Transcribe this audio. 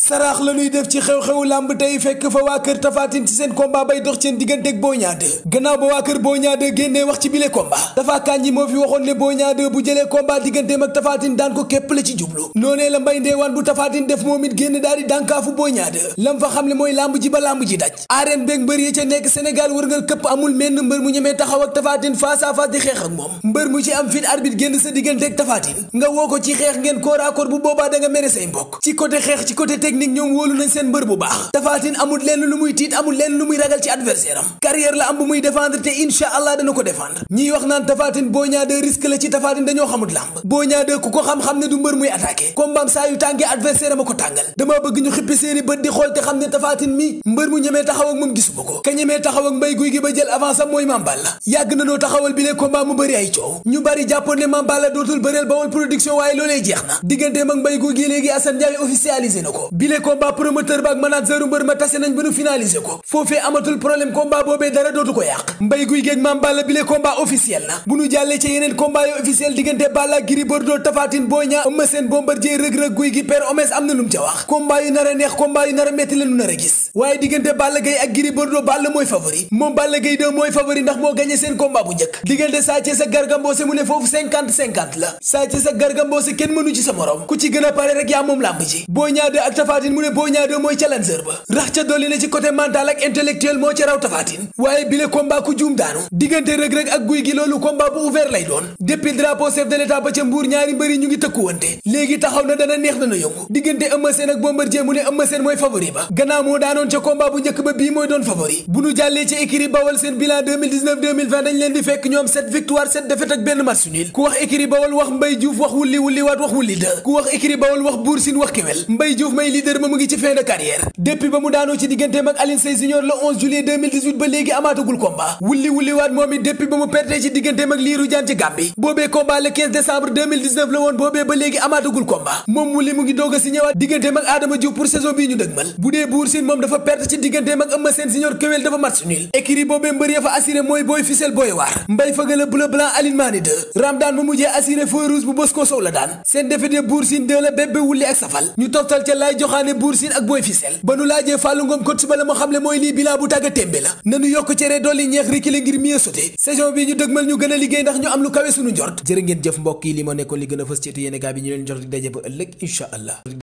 saraax la ñuy def ci xew-xewu làmb tey fekk fa waa kër tafaatin ci seen combat bay dox seen diggante ak Boy Niang 2 gannaaw ba waa kër Boy Niang 2 génnee wax ci bile combat Tapha Kandji ne Boy Niang 2 bu tafaatin daan ko képp la ci jublu noonee la mbay ndeewaan bu tafaatin def moom it génn daal di dànkaafu Boy Niang 2 lam fa xam ne mooy làmb ji ba làmb ji daj arène beeg mbër yi ca nekk Sénégal wërngal këpp amul menn mbër mu ñemee taxaw ak tafaatin face à di xeex ak moom mbër mu ci am fit arbitre ko ci xeex ngeen corps xeex ci côté technique ñoom wóolu nañ seen mbër bu baax tafaatin amul lenn lu muy tiit amul lenn lu muy ragal ci adversaire am carrière la am bu muy défendre te incha allah dana ko défendre ñiy wax naan tafaatin Boy Niang 2 risque la ci tafaatin dañoo xamut làmb Boy Niang 2 ku ko xam-xam ne du mbër muy attaqué combat saa yu tàngee adversaire a ko tàngal damaa bëgg ñu xippi seeni bët di xool te xam ne tafaatin mi mbër mu ñemee taxaw ak moom gisuma ko ka ñemee taxaw ak mbay guy gi ba jël am mooy mambal na noo taxawal bi lee combat mu bëri ay bari jàppoon ne mambal la dootul bëreel waaye loolee jeex na digganteem ak mbay guy gi léegi Assane Ndiaye officialisé ko bile combat promoteur ba ak manager mbër seen combat bu njëkk diggante Sa Thiès ak Garga mu ne foofu 50 50 la Sa Thiès ak Garga kenn mënu ci sa morom ku ci gën a pare rek yaa moom làmb ji Boy Niang 2 ak tafaatin mu ne Boy Niang 2 mooy challenger ba rax ca dolli na ci côté mental ak intellectuel moo ca raw tafaatin waaye bile combat ku juum daanu diggante rëg-rëg ak guy gi loolu combat bu ouvert lay doon depuis drapeau chef de l'état ba ca mbuur ñaari mbëri ñu ngi tëkkuwante léegi taxaw na dana neex dana yëngu diggante Eumeu Sène ak Bombardier mu ne Eumeu Sène mooy favori ba gannaaw moo daanoon ca combat bu njëkk ba bii mooy doon favori bu nu jàllee ca écurie Bawol leader ma mu ngi ci fin de ba léegi amaatagul combat wulli wulli waat moom it ba mu perte ci digganteem ak Lirou Diane ci Gambie boobee combat le 15 la woon boobee ba léegi amaatagul combat moom wulli mu ngi doog a signé waat digganteem Adama Diouf pour saison bii ñu dëgmal bu dee Bour Sine moom dafa perte ci digganteem ak Eumeu Sène Junior këwél dafa match nul écurie boobee mbër ya fa assuré mooy booy ficelle booy waar mbay fëgala la joxaane buur siin ak booy fisel ba nu laajee Fallou Ngom coach ba la moo xam mooy lii bilan bu tàgga témbe la nanu yokk cere dolli ñeex riki la ngir mieux sauter saison bi ñu dëgmal ñu gën a liggéey ndax ñu am lu kawe suñu njort jërë ngeen jëf mbokk yi li moo nekkoon li gën a fës ci tu yéene gaa bi ñu leen njort di daje ba ëllëg incha allah